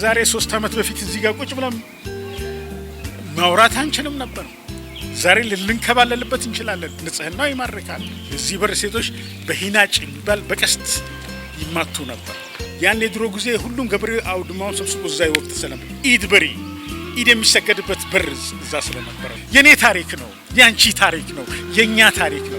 ከዛሬ ሶስት ዓመት በፊት እዚህ ጋር ቁጭ ብለን ማውራት አንችልም ነበር። ዛሬ ልንከባለልበት እንችላለን። ንጽህናው ይማርካል። እዚህ በር ሴቶች በሂናጭ የሚባል በቀስት ይማቱ ነበር። ያን የድሮ ጊዜ ሁሉም ገበሬ አውድማውን ሰብስቦ እዛ ይወቅት ስለነበር ኢድ በሪ ኢድ የሚሰገድበት በር እዛ ስለነበረ የኔ ታሪክ ነው፣ የአንቺ ታሪክ ነው፣ የእኛ ታሪክ ነው።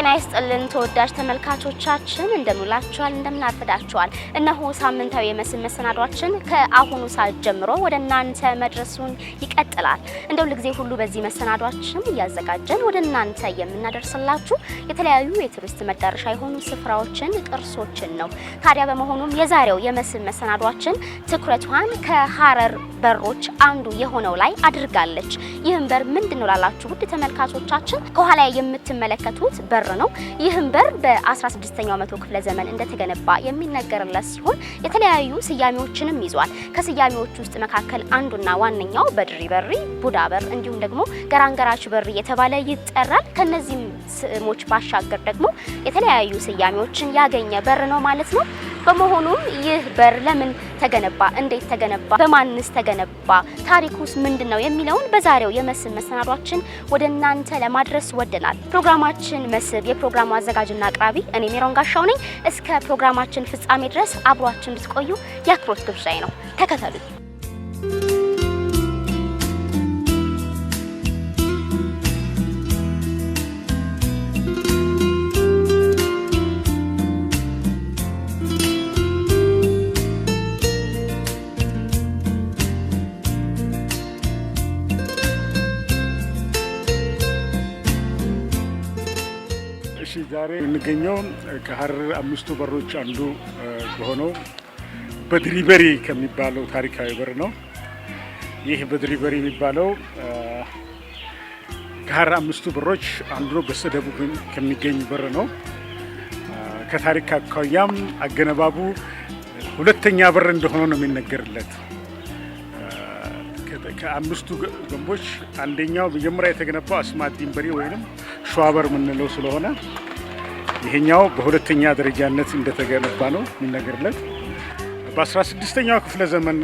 ጤና ይስጥልን ተወዳጅ ተመልካቾቻችን፣ እንደምንላችኋል፣ እንደምናርፍዳችኋል። እነሆ ሳምንታዊ የመስህብ መሰናዷችን ከአሁኑ ሰዓት ጀምሮ ወደ እናንተ መድረሱን ይቀጥላል። እንደ ሁል ሁሉ በዚህ መሰናዷችን እያዘጋጀን ወደ እናንተ የምናደርስላችሁ የተለያዩ የቱሪስት መዳረሻ የሆኑ ስፍራዎችን፣ ቅርሶችን ነው። ታዲያ በመሆኑም የዛሬው የመስህብ መሰናዷችን ትኩረቷን ከሀረር በሮች አንዱ የሆነው ላይ አድርጋለች። ይህም በር ምንድን ነው ላላችሁ ውድ ተመልካቾቻችን ከኋላ የምትመለከቱት በር በር ነው። ይህም በር በ16ኛው መቶ ክፍለ ዘመን እንደተገነባ የሚነገርለት ሲሆን የተለያዩ ስያሜዎችንም ይዟል። ከስያሜዎች ውስጥ መካከል አንዱና ዋነኛው በድሪ በሪ፣ ቡዳ በር እንዲሁም ደግሞ ገራንገራች በር እየተባለ ይጠራል። ከነዚህም ስሞች ባሻገር ደግሞ የተለያዩ ስያሜዎችን ያገኘ በር ነው ማለት ነው። በመሆኑም ይህ በር ለምን ተገነባ፣ እንዴት ተገነባ፣ በማንስ ተገነባ፣ ታሪኩስ ምንድን ነው የሚለውን በዛሬው የመስህብ መሰናዷችን ወደ እናንተ ለማድረስ ወደናል። ፕሮግራማችን መስህብ፣ የፕሮግራሙ አዘጋጅና አቅራቢ እኔ ሜሮን ጋሻው ነኝ። እስከ ፕሮግራማችን ፍጻሜ ድረስ አብሯችን ብትቆዩ የአክብሮት ግብዣዬ ነው። ተከተሉ። እሺ ዛሬ የምንገኘው ከሀረር አምስቱ በሮች አንዱ በሆነው በድሪበሪ ከሚባለው ታሪካዊ በር ነው። ይህ በድሪበሪ የሚባለው ከሀረር አምስቱ በሮች አንዱ ነው። በስተደቡብ ከሚገኝ በር ነው። ከታሪክ አኳያም አገነባቡ ሁለተኛ በር እንደሆነ ነው የሚነገርለት። ከአምስቱ ግንቦች አንደኛው መጀመሪያ የተገነባው አስማት ዲንበሬ ወይም ሸዋበር የምንለው ስለሆነ ይሄኛው በሁለተኛ ደረጃነት እንደተገነባ ነው የሚነገርለት። በ16ኛው ክፍለ ዘመን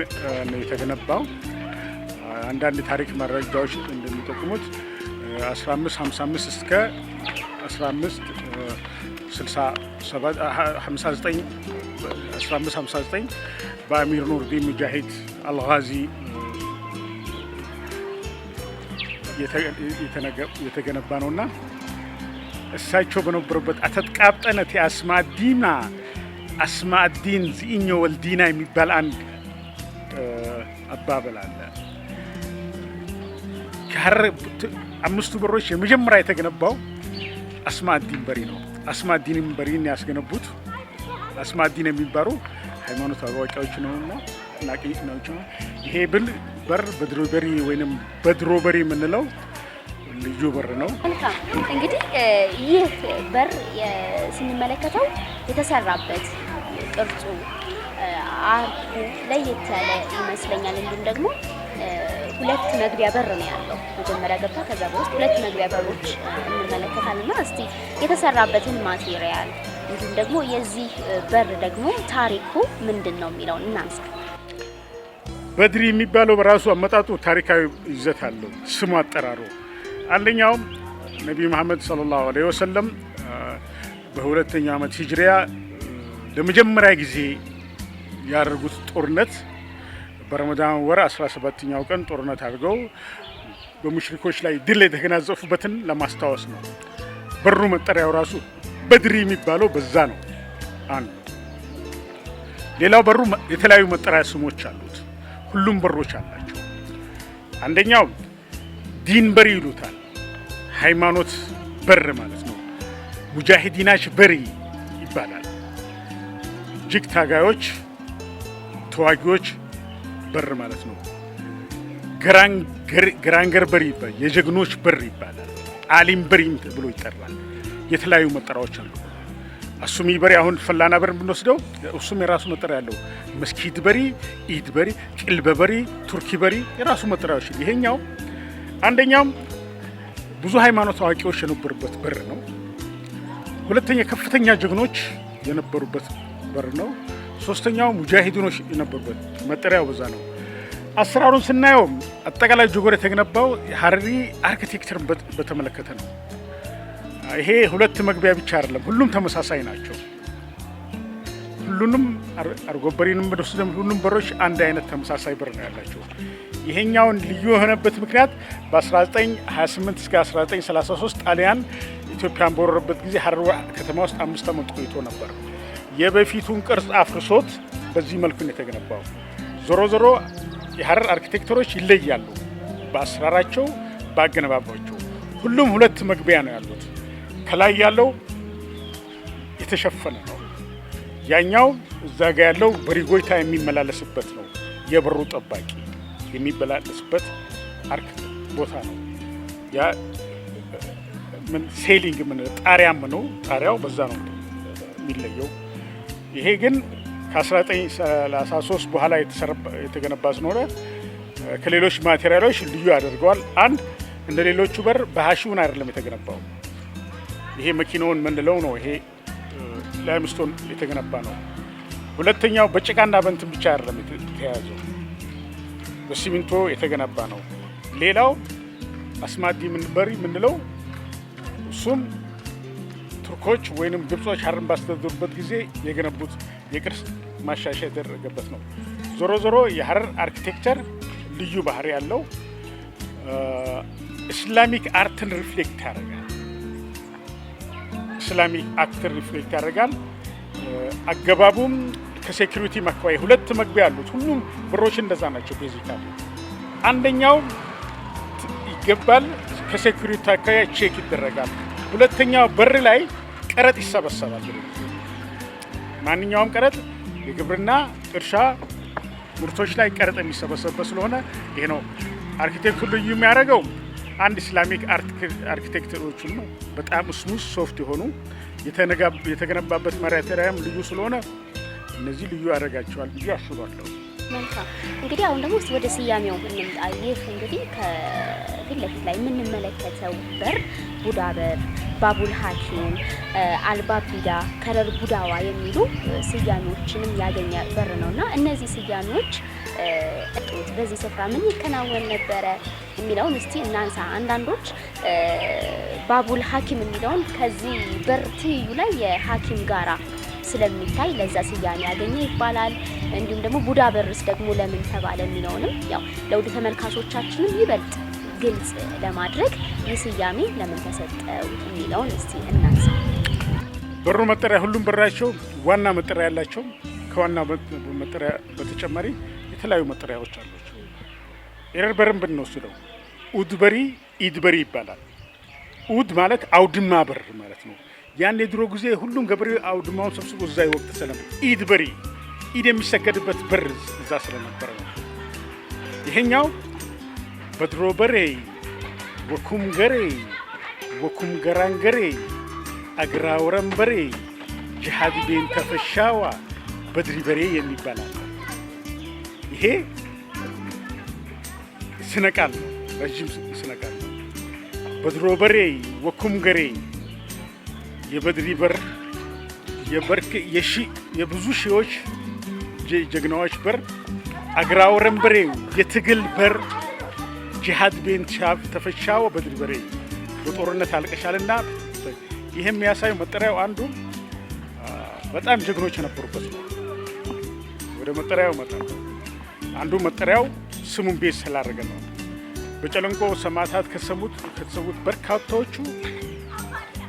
ነው የተገነባው። አንዳንድ ታሪክ መረጃዎች እንደሚጠቁሙት 1555 እስከ 1559 በአሚር ኑርዲን ሙጃሂድ አልጋዚ የተገነባ እና እሳቸው በነበሩበት አተጥቃብጠነት የአስማዲና አስማዲን ዚኢኞ ወልዲና የሚባል አንድ አባበል አለ። አምስቱ በሮች የመጀመሪያ የተገነባው አስማዲን በሪ ነው። አስማዲንም በሪን ያስገነቡት አስማዲን የሚባሉ ሃይማኖት አዋቂዎች ነውና አናቂ ነው። ይሄ ብል ነበር። በድሮ በሪ ወይም በድሮ በሪ የምንለው ልዩ በር ነው። መልካም እንግዲህ ይህ በር ስንመለከተው የተሰራበት ቅርጹ አርኩ ለየት ያለ ይመስለኛል። እንዲሁም ደግሞ ሁለት መግቢያ በር ነው ያለው። መጀመሪያ ገብታ ከዛ በውስጥ ሁለት መግቢያ በሮች እንመለከታልና እስቲ የተሰራበትን ማቴሪያል እንዲሁም ደግሞ የዚህ በር ደግሞ ታሪኩ ምንድን ነው የሚለውን እናንሳ። በድሪ የሚባለው በራሱ አመጣጡ ታሪካዊ ይዘት አለው። ስሙ አጠራሩ አንደኛውም ነቢዩ መሐመድ ሰለላሁ ዐለይሂ ወሰለም በሁለተኛው ዓመት ሂጅሪያ ለመጀመሪያ ጊዜ ያደርጉት ጦርነት በረመዳን ወር 17ኛው ቀን ጦርነት አድርገው በሙሽሪኮች ላይ ድል የተገናዘፉበትን ለማስታወስ ነው። በሩ መጠሪያው ራሱ በድሪ የሚባለው በዛ ነው። አንዱ ሌላው በሩ የተለያዩ መጠሪያ ስሞች አሉት። ሁሉም በሮች አላቸው። አንደኛው ዲን በር ይሉታል። ሃይማኖት በር ማለት ነው። ሙጃሂዲናች በሪ ይባላል። እጅግ ታጋዮች፣ ተዋጊዎች በር ማለት ነው። ግራንገር በር ይባላል። የጀግኖች በር ይባላል። አሊም በሪም ብሎ ይጠራል። የተለያዩ መጠራዎች አሉ። እሱም ይበሪ አሁን ፈላና በር ብንወስደው እሱም የራሱ መጠሪያ ያለው መስኪት በሪ፣ ኢድ በሪ፣ ጭልበ በሪ፣ ቱርኪ በሪ የራሱ መጠሪያዎች። ይሄኛው አንደኛውም ብዙ ሃይማኖት አዋቂዎች የነበሩበት በር ነው። ሁለተኛ ከፍተኛ ጀግኖች የነበሩበት በር ነው። ሶስተኛው ሙጃሂዲኖች የነበሩበት መጠሪያው በዛ ነው። አሰራሩን ስናየው አጠቃላይ ጆጎር የተገነባው ሀረሪ አርኪቴክቸርን በተመለከተ ነው። ይሄ ሁለት መግቢያ ብቻ አይደለም፣ ሁሉም ተመሳሳይ ናቸው። ሁሉንም አርጎበሪንም ወስደም ሁሉም በሮች አንድ አይነት ተመሳሳይ በር ነው ያላቸው። ይሄኛውን ልዩ የሆነበት ምክንያት በ1928 እስከ 1933 ጣሊያን ኢትዮጵያን በወረረበት ጊዜ ሀረር ከተማ ውስጥ አምስት ዓመት ቆይቶ ነበር። የበፊቱን ቅርጽ አፍርሶት በዚህ መልኩ ነው የተገነባው። ዞሮ ዞሮ የሀረር አርኪቴክተሮች ይለያሉ በአሰራራቸው፣ በአገነባባቸው። ሁሉም ሁለት መግቢያ ነው ያሉት። ከላይ ያለው የተሸፈነ ነው። ያኛው እዛ ጋ ያለው በሪጎይታ የሚመላለስበት ነው። የበሩ ጠባቂ የሚመላለስበት አርክ ቦታ ነው። ያ ምን ሴሊንግ ምን ጣሪያም ነው። ጣሪያው በዛ ነው የሚለየው። ይሄ ግን ከ1933 በኋላ የተገነባ ስለሆነ ከሌሎች ማቴሪያሎች ልዩ ያደርገዋል። አንድ እንደ ሌሎቹ በር በሀሺውን አይደለም የተገነባው። ይሄ መኪናውን የምንለው ነው። ይሄ ላይምስቶን የተገነባ ነው። ሁለተኛው በጭቃና በእንትን ብቻ አይደለም የተያዘው፣ በሲሚንቶ የተገነባ ነው። ሌላው አስማዲ በሪ የምንለው እሱም ቱርኮች ወይንም ግብጾች ሀረርን ባስተዳደሩበት ጊዜ የገነቡት የቅርስ ማሻሻ የተደረገበት ነው። ዞሮ ዞሮ የሀረር አርኪቴክቸር ልዩ ባህሪ ያለው ኢስላሚክ አርትን ሪፍሌክት ያደረገ ኢስላሚክ አክተር ሪፍሌክት ያደርጋል። አገባቡም ከሴኪሪቲ መክባይ ሁለት መግቢያ አሉት። ሁሉም ብሮች እንደዛ ናቸው። ቤዚካሊ አንደኛው ይገባል፣ ከሴኪሪቲ አካባቢ ቼክ ይደረጋል። ሁለተኛው በር ላይ ቀረጥ ይሰበሰባል። ማንኛውም ቀረጥ የግብርና እርሻ ምርቶች ላይ ቀረጥ የሚሰበሰብበት ስለሆነ ይሄ ነው አርኪቴክቱ ልዩ የሚያደርገው። አንድ ኢስላሚክ አርኪቴክቸሮች ሁሉ በጣም ስሙስ ሶፍት የሆኑ የተገነባበት ማቴሪያም ልዩ ስለሆነ እነዚህ ልዩ ያደርጋቸዋል ብዬ አስባለሁ። መልካም እንግዲህ አሁን ደግሞ ወደ ስያሜው እንምጣ። ይህ እንግዲህ ከፊት ለፊት ላይ የምንመለከተው በር ቡዳ በር፣ ባቡል ሐኪም፣ አልባቢዳ፣ ከረር ቡዳዋ የሚሉ ስያሜዎችንም ያገኘ በር ነው እና እነዚህ ስያሜዎች በዚህ ስፍራ ምን ይከናወን ነበረ የሚለውን እስቲ እናንሳ። አንዳንዶች ባቡል ሐኪም የሚለውን ከዚህ በር ትይዩ ላይ የሐኪም ጋራ ስለሚታይ ለዛ ስያሜ ያገኘ ይባላል። እንዲሁም ደግሞ ቡዳ በርስ ደግሞ ለምን ተባለ የሚለውንም ያው ለውድ ተመልካቾቻችንም ይበልጥ ግልጽ ለማድረግ ይህ ስያሜ ለምን ተሰጠው የሚለውን እስቲ እናንሳ። በሩ መጠሪያ ሁሉም በራቸው ዋና መጠሪያ ያላቸው ከዋና መጠሪያ በተጨማሪ የተለያዩ መጠሪያዎች አሉት። ኤረርበርን ብንወስደው ኡድበሪ ኢድበሪ ይባላል። ኡድ ማለት አውድማ በር ማለት ነው። ያን የድሮ ጊዜ ሁሉም ገበሬ አውድማውን ሰብስቦ እዛ ይወቅት ስለነበር ኢድበሪ ኢድ የሚሰገድበት በር እዛ ስለነበረ ነው። ይሄኛው በድሮ በሬ ወኩም ገሬ ወኩም ገሬ አግራ ወረንበሬ ጅሃድ ቤን ተፈሻዋ በድሪ በሬ የሚባላል ይሄ ስነ ቃል ነው፣ ረዥም ስነ ቃል ነው። በድሮ በሬ ወኩም ገሬ የበድሪ በር የበርክ የሺ የብዙ ሺዎች ጀግናዎች በር አግራወረን በሬ የትግል በር ጂሃድ ቤን ሻፍ ተፈሻው በድሪ በሬ በጦርነት አልቀሻልና ይህ የሚያሳየው መጠሪያው አንዱ በጣም ጀግኖች የነበሩበት ነው። ወደ መጠሪያው መጣ። አንዱ መጠሪያው ስሙን ቤት ስላደረገ ነው። በጨለንቆ ሰማዕታት ከሰሙት ከተሰዉት በርካታዎቹ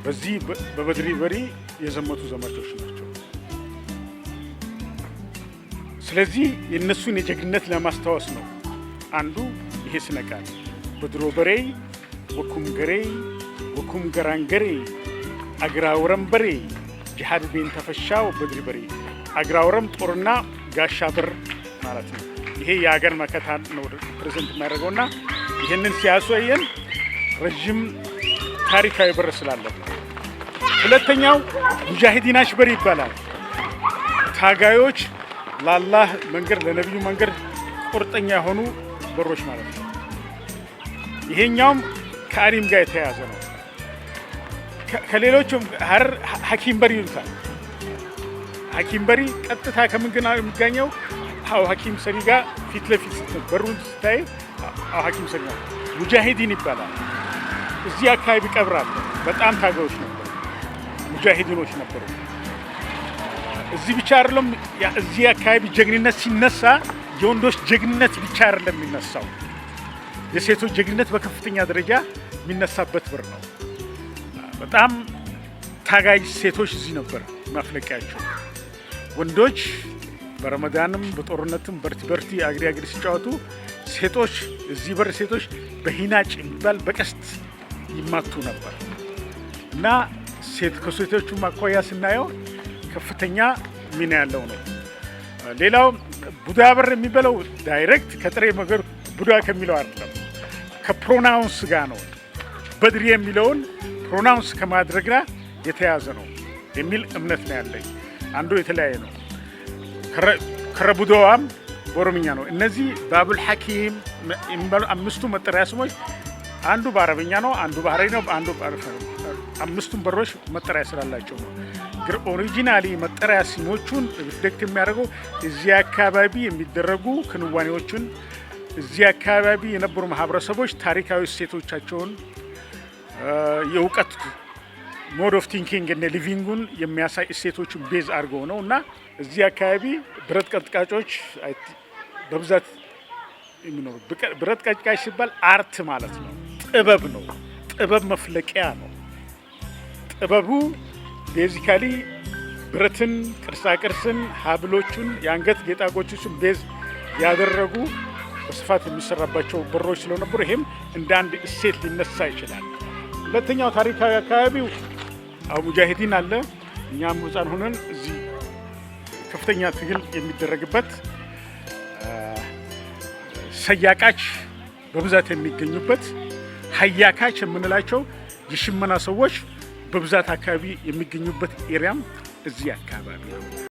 በዚህ በበድሪ በሪ የዘመቱ ዘማቾች ናቸው። ስለዚህ የእነሱን የጀግንነት ለማስታወስ ነው አንዱ ይሄ ስነ ቃል በድሮ በሬ ወኩም ገሬ ወኩም ገራንገሬ አግራውረም በሬ ጅሃድ ቤን ተፈሻው በድሪ በሬ አግራውረም ጦርና ጋሻ ብር ማለት ነው። ይሄ የሀገር መከታ ነው ፕሬዘንት የሚያደርገው እና ይህንን ሲያስወየን ረዥም ታሪካዊ በር ስላለን። ሁለተኛው ሙጃሂዲን አሽበር ይባላል። ታጋዮች ለአላህ መንገድ ለነቢዩ መንገድ ቁርጠኛ የሆኑ በሮች ማለት ነው። ይሄኛውም ከአሊም ጋር የተያያዘ ነው። ከሌሎችም ሀረር ሀኪም በሪ ይሉታል። ሀኪም በሪ ቀጥታ ከምንግና የሚገኘው ሀኪም ሰሪ ጋር ፊት ለፊት በሩን ስታይ ሀኪም ሰሪ ነው። ሙጃሂዲን ይባላል። እዚህ አካባቢ ቀብራለ። በጣም ታጋዮች ነበሩ፣ ሙጃሂዲኖች ነበሩ። እዚህ ብቻ አይደለም። እዚህ አካባቢ ጀግንነት ሲነሳ የወንዶች ጀግንነት ብቻ አይደለም የሚነሳው፣ የሴቶች ጀግንነት በከፍተኛ ደረጃ የሚነሳበት ብር ነው። በጣም ታጋይ ሴቶች እዚህ ነበር ማፍለቂያቸው ወንዶች በረመዳንም በጦርነትም በርቲ በርቲ አግሪ አግሪ ሲጫወቱ ሴቶች እዚህ በር ሴቶች በሂናጭ የሚባል በቀስት ይማቱ ነበር እና ሴት ከሴቶቹ አኳያ ስናየው ከፍተኛ ሚና ያለው ነው። ሌላው ቡዳ በር የሚበለው ዳይሬክት ከጥሬ ነገር ቡዳ ከሚለው አይደለም፣ ከፕሮናውንስ ጋር ነው። በድሪ የሚለውን ፕሮናውንስ ከማድረግ ጋር የተያዘ ነው የሚል እምነት ነው ያለኝ። አንዱ የተለያየ ነው። ከረቡዶዋም በኦሮምኛ ነው። እነዚህ ባቡል ሐኪም አምስቱ መጠሪያ ስሞች አንዱ በአረብኛ ነው፣ አንዱ ባህራዊ ነው፣ አንዱ አምስቱም በሮች መጠሪያ ስላላቸው ነው። ግን ኦሪጂናሊ መጠሪያ ስሞቹን ሪፍሌክት የሚያደርገው እዚህ አካባቢ የሚደረጉ ክንዋኔዎችን እዚህ አካባቢ የነበሩ ማህበረሰቦች ታሪካዊ እሴቶቻቸውን የእውቀት ሞድ ኦፍ ቲንኪንግ ሊቪንጉን የሚያሳይ እሴቶቹን ቤዝ አድርገው ነው እና እዚህ አካባቢ ብረት ቀጥቃጮች በብዛት የሚኖሩ ብረት ቀጥቃጭ ሲባል አርት ማለት ነው፣ ጥበብ ነው፣ ጥበብ መፍለቂያ ነው። ጥበቡ ቤዚካሊ ብረትን፣ ቅርሳቅርስን፣ ሀብሎቹን፣ የአንገት ጌጣጌጦችን ቤዝ ያደረጉ በስፋት የሚሰራባቸው በሮች ስለነበሩ ይህም እንደ አንድ እሴት ሊነሳ ይችላል። ሁለተኛው ታሪካዊ አካባቢው አቡ ሙጃሂዲን አለ። እኛም ህፃን ሆነን እዚ ከፍተኛ ትግል የሚደረግበት ሰያቃች በብዛት የሚገኙበት ሀያካች የምንላቸው የሽመና ሰዎች በብዛት አካባቢ የሚገኙበት ኤሪያም እዚህ አካባቢ ነው።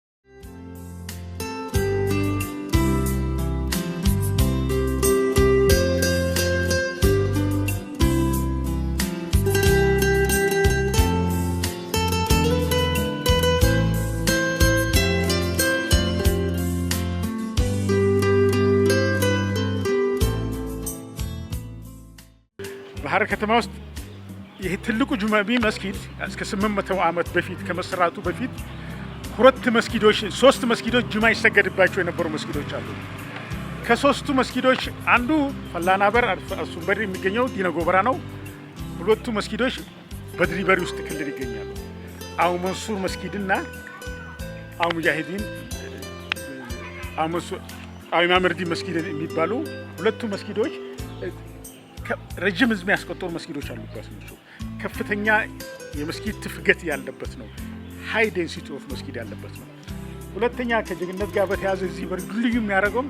ባህር ከተማ ውስጥ ይህ ትልቁ ጁማቢ መስጊድ እስከ 800 ዓመት በፊት ከመሰራቱ በፊት ሁለት መስጊዶች ሶስት መስጊዶች ጁማ ይሰገድባቸው የነበሩ መስጊዶች አሉ። ከሶስቱ መስጊዶች አንዱ ፈላና በር አርሱም በሪ የሚገኘው ዲነ ጎበራ ነው። ሁለቱ መስጊዶች በድሪ በሪ ውስጥ ክልል ይገኛሉ። አቡ መንሱር መስጊድና አቡ ሙጃሂዲን አቡ ኢማም ርዲን መስጊድ የሚባሉ ሁለቱ መስጊዶች ረጅም ህዝብ ያስቆጠሩ መስጊዶች አሉበት ነው። ከፍተኛ የመስጊድ ትፍገት ያለበት ነው። ሀይ ዴንሲቲ ኦፍ መስጊድ ያለበት ነው። ሁለተኛ ከጀግነት ጋር በተያዘ እዚህ በርዱ ልዩ የሚያደርገውም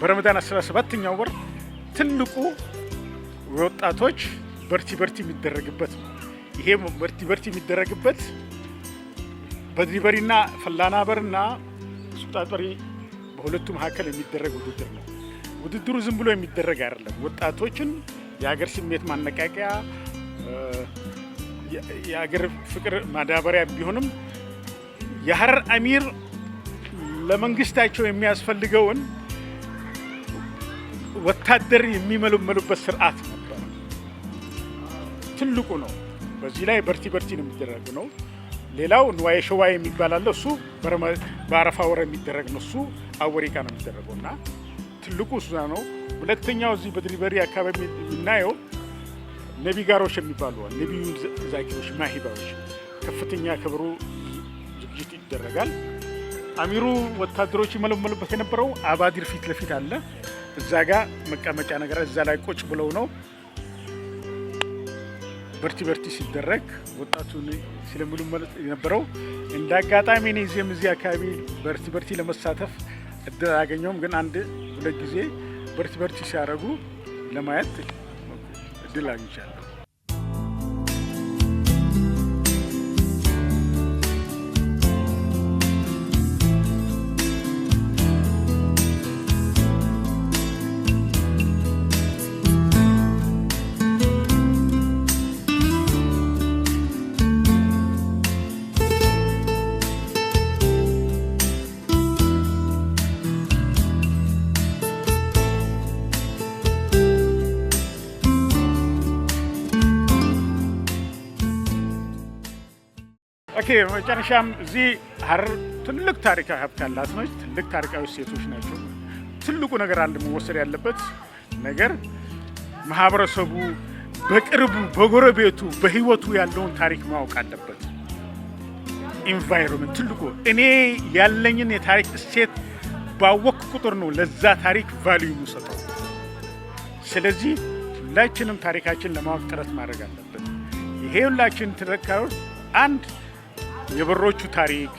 በረመዳን 17ኛው ወር ትልቁ ወጣቶች በርቲ በርቲ የሚደረግበት ነው። ይሄ በርቲ በርቲ የሚደረግበት በድሪበሪና ፈላና በርና ሱጣ በሁለቱ መካከል የሚደረግ ውድድር ነው። ውድድሩ ዝም ብሎ የሚደረግ አይደለም። ወጣቶችን የሀገር ስሜት ማነቃቂያ፣ የሀገር ፍቅር ማዳበሪያ ቢሆንም የሀረር አሚር ለመንግስታቸው የሚያስፈልገውን ወታደር የሚመለመሉበት ስርዓት ነበር ትልቁ ነው። በዚህ ላይ በርቲ በርቲ ነው የሚደረግ ነው። ሌላው ንዋይ ሸዋ የሚባል አለ። እሱ በአረፋ ወረ የሚደረግ ነው። እሱ አወሬቃ ነው የሚደረገው እና ትልቁ ሱዛ ነው። ሁለተኛው እዚህ በድሪበሪ አካባቢ የምናየው ነቢጋሮች የሚባሉ ነቢዩ ዛኪሮች፣ ማሂባዎች ከፍተኛ ክብሩ ዝግጅት ይደረጋል። አሚሩ ወታደሮች ይመለመሉበት የነበረው አባዲር ፊት ለፊት አለ። እዛ ጋ መቀመጫ ነገር እዛ ላይ ቁጭ ብለው ነው በርቲ በርቲ ሲደረግ ወጣቱን ሲለምሉ የነበረው እንደ አጋጣሚ እኔ እዚህም እዚህ አካባቢ በርቲ በርቲ ለመሳተፍ እድል አላገኘውም፣ ግን አንድ ሁለት ጊዜ በርች በርች ሲያደርጉ ለማየት እድል አግኝቻለሁ። እናቴ መጨረሻም እዚህ ሀረር ትልቅ ታሪካዊ ሀብት ያላት ነች። ትልቅ ታሪካዊ ሴቶች ናቸው። ትልቁ ነገር አንድ መወሰድ ያለበት ነገር ማህበረሰቡ በቅርቡ በጎረቤቱ በህይወቱ ያለውን ታሪክ ማወቅ አለበት። ኢንቫይሮንመንት ትልቁ እኔ ያለኝን የታሪክ እሴት ባወቅ ቁጥር ነው ለዛ ታሪክ ቫልዩ የምሰጠው። ስለዚህ ሁላችንም ታሪካችን ለማወቅ ጥረት ማድረግ አለበት። ይሄ ሁላችን ትረካዮች አንድ የበሮቹ ታሪክ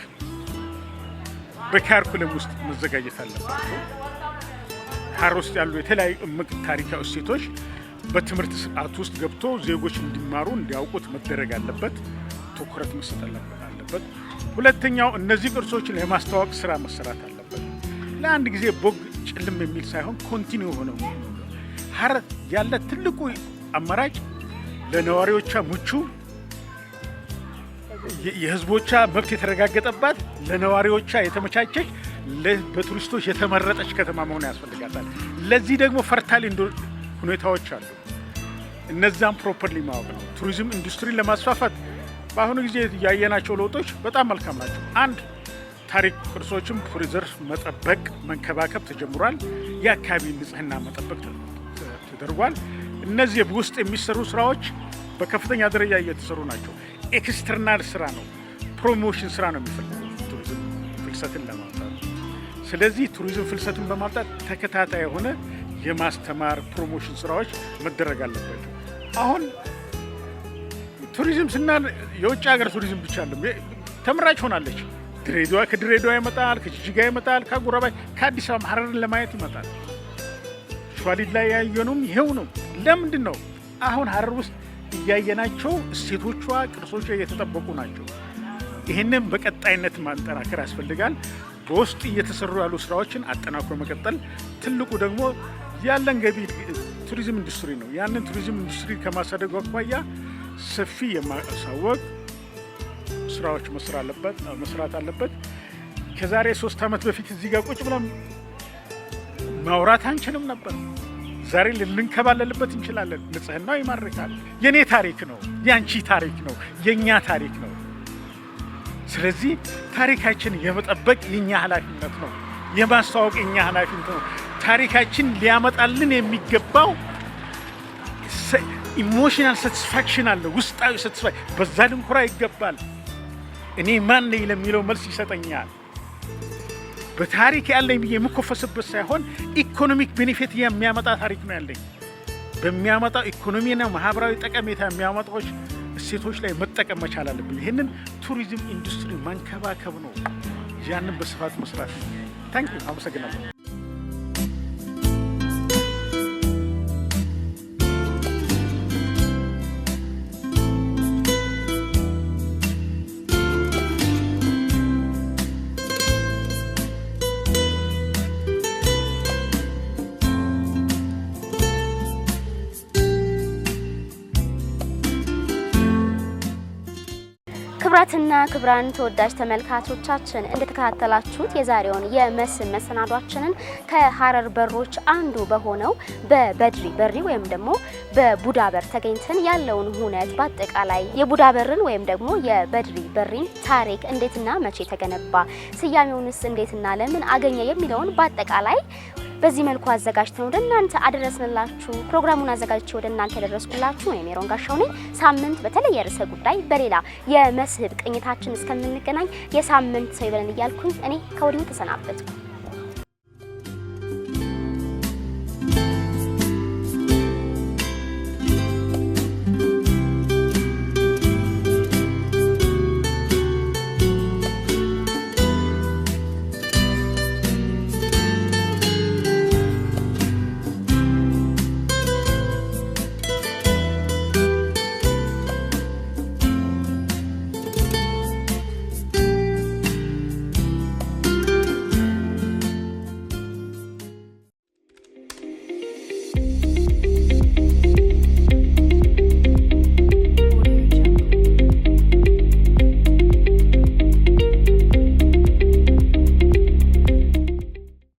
በካርኩለም ውስጥ መዘጋጀት አለባቸው። ሀረር ውስጥ ያሉ የተለያዩ እምቅ ታሪካዊ እሴቶች በትምህርት ስርዓት ውስጥ ገብቶ ዜጎች እንዲማሩ እንዲያውቁት መደረግ አለበት። ትኩረት መሰጠት አለበት። ሁለተኛው እነዚህ ቅርሶችን የማስተዋወቅ ስራ መሰራት አለበት። ለአንድ ጊዜ ቦግ ጭልም የሚል ሳይሆን ኮንቲኒው ሆነው ሀር ያለ ትልቁ አማራጭ ለነዋሪዎቿ ምቹ የህዝቦቿ መብት የተረጋገጠባት ለነዋሪዎቿ የተመቻቸች በቱሪስቶች የተመረጠች ከተማ መሆን ያስፈልጋታል። ለዚህ ደግሞ ፈርታይል ሁኔታዎች አሉ። እነዛም ፕሮፐርሊ ማወቅ ነው። ቱሪዝም ኢንዱስትሪን ለማስፋፋት በአሁኑ ጊዜ ያየናቸው ለውጦች በጣም መልካም ናቸው። አንድ ታሪክ ቅርሶችም ፕሪዘርቭ መጠበቅ መንከባከብ ተጀምሯል። የአካባቢ ንጽህና መጠበቅ ተደርጓል። እነዚህ ውስጥ የሚሰሩ ስራዎች በከፍተኛ ደረጃ እየተሰሩ ናቸው። ኤክስተርናል ስራ ነው፣ ፕሮሞሽን ስራ ነው የሚፈልገው ቱሪዝም ፍልሰትን ለማምጣት። ስለዚህ ቱሪዝም ፍልሰትን በማምጣት ተከታታይ የሆነ የማስተማር ፕሮሞሽን ስራዎች መደረግ አለበት። አሁን ቱሪዝም ስናል የውጭ ሀገር ቱሪዝም ብቻ አለም ተመራጭ ሆናለች። ድሬዳዋ ከድሬዳዋ ይመጣል፣ ከጅጅጋ ይመጣል፣ ከአጎራባች ከአዲስ አበባ ሀረርን ለማየት ይመጣል። ሸዋሊድ ላይ ያየነውም ይሄው ነው። ለምንድን ነው አሁን ሀረር ውስጥ እያየናቸው እሴቶቿ፣ ቅርሶቿ እየተጠበቁ ናቸው። ይህንን በቀጣይነት ማጠናከር ያስፈልጋል። በውስጥ እየተሰሩ ያሉ ስራዎችን አጠናክሮ መቀጠል። ትልቁ ደግሞ ያለን ገቢ ቱሪዝም ኢንዱስትሪ ነው። ያንን ቱሪዝም ኢንዱስትሪ ከማሳደግ አኳያ ሰፊ የማሳወቅ ስራዎች መስራት አለበት። ከዛሬ ሶስት ዓመት በፊት እዚህ ጋር ቁጭ ብለን ማውራት አንችልም ነበር። ዛሬ ልንከባለልበት እንችላለን። ንጽህናው ይማርካል። የእኔ ታሪክ ነው፣ የአንቺ ታሪክ ነው፣ የእኛ ታሪክ ነው። ስለዚህ ታሪካችን የመጠበቅ የእኛ ኃላፊነት ነው። የማስተዋወቅ የእኛ ኃላፊነት ነው። ታሪካችን ሊያመጣልን የሚገባው ኢሞሽናል ሳቲስፋክሽን አለ፣ ውስጣዊ ሳቲስፋክሽን። በዛ ልንኮራ ይገባል። እኔ ማን ነኝ ለሚለው መልስ ይሰጠኛል። በታሪክ ያለኝ ብዬ የምኮፈስበት ሳይሆን ኢኮኖሚክ ቤኔፊት የሚያመጣ ታሪክ ነው ያለኝ። በሚያመጣው ኢኮኖሚና ማህበራዊ ጠቀሜታ የሚያመጣዎች እሴቶች ላይ መጠቀም መቻል አለብን። ይህንን ቱሪዝም ኢንዱስትሪ መንከባከብ ነው። ያንን በስፋት መስራት ታንኪ አመሰግናለሁ። ክቡራን ተወዳጅ ተመልካቾቻችን እንደተከታተላችሁት የዛሬውን የመስህብ መሰናዷችንን ከሀረር በሮች አንዱ በሆነው በበድሪ በሪ ወይም ደግሞ በቡዳ በር ተገኝተን ያለውን ሁነት በአጠቃላይ የቡዳ በርን ወይም ደግሞ የበድሪ በሪን ታሪክ እንዴትና መቼ ተገነባ፣ ስያሜውንስ እንዴትና ለምን አገኘ የሚለውን በአጠቃላይ በዚህ መልኩ አዘጋጅተን ወደ እናንተ አደረስንላችሁ። ፕሮግራሙን አዘጋጅቼ ወደ እናንተ ያደረስኩላችሁ እኔ ሜሮን ጋሻው ነኝ። ሳምንት በተለየ ርዕሰ ጉዳይ በሌላ የመስህብ ቅኝታችን እስከምንገናኝ የሳምንት ሰው ይበለን እያልኩኝ እኔ ከወዲሁ ተሰናበትኩ።